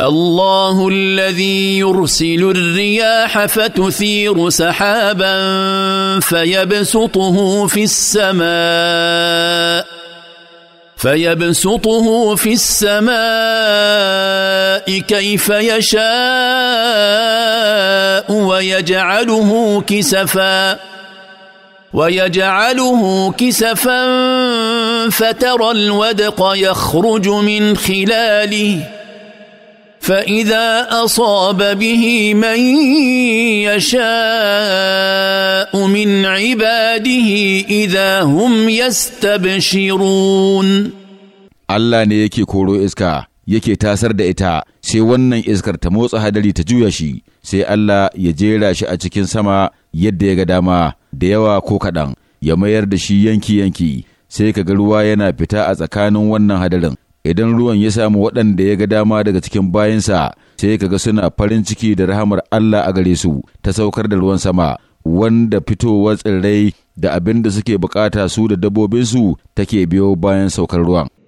الله الذي يرسل الرياح فتثير سحابا فيبسطه في السماء فيبسطه في السماء كيف يشاء ويجعله كسفا ويجعله كسفا فترى الودق يخرج من خلاله فإذا أصاب به من يشاء من عباده إذا هم يستبشرون Allah ne yake koro iska yake tasar da ita sai wannan iskar ta motsa hadari ta juya shi sai Allah ya jera shi a cikin sama yadda ya ga dama da yawa ko kaɗan ya mayar da shi yanki yanki sai ka ga ruwa yana fita a tsakanin wannan hadarin idan ruwan ya samu waɗanda ya ga dama daga cikin bayansa sai kaga suna farin ciki da rahamar Allah a gare su ta saukar da ruwan sama wanda fitowar tsirrai da abin da suke bukata su da dabbobinsu take biyo bayan saukar ruwan.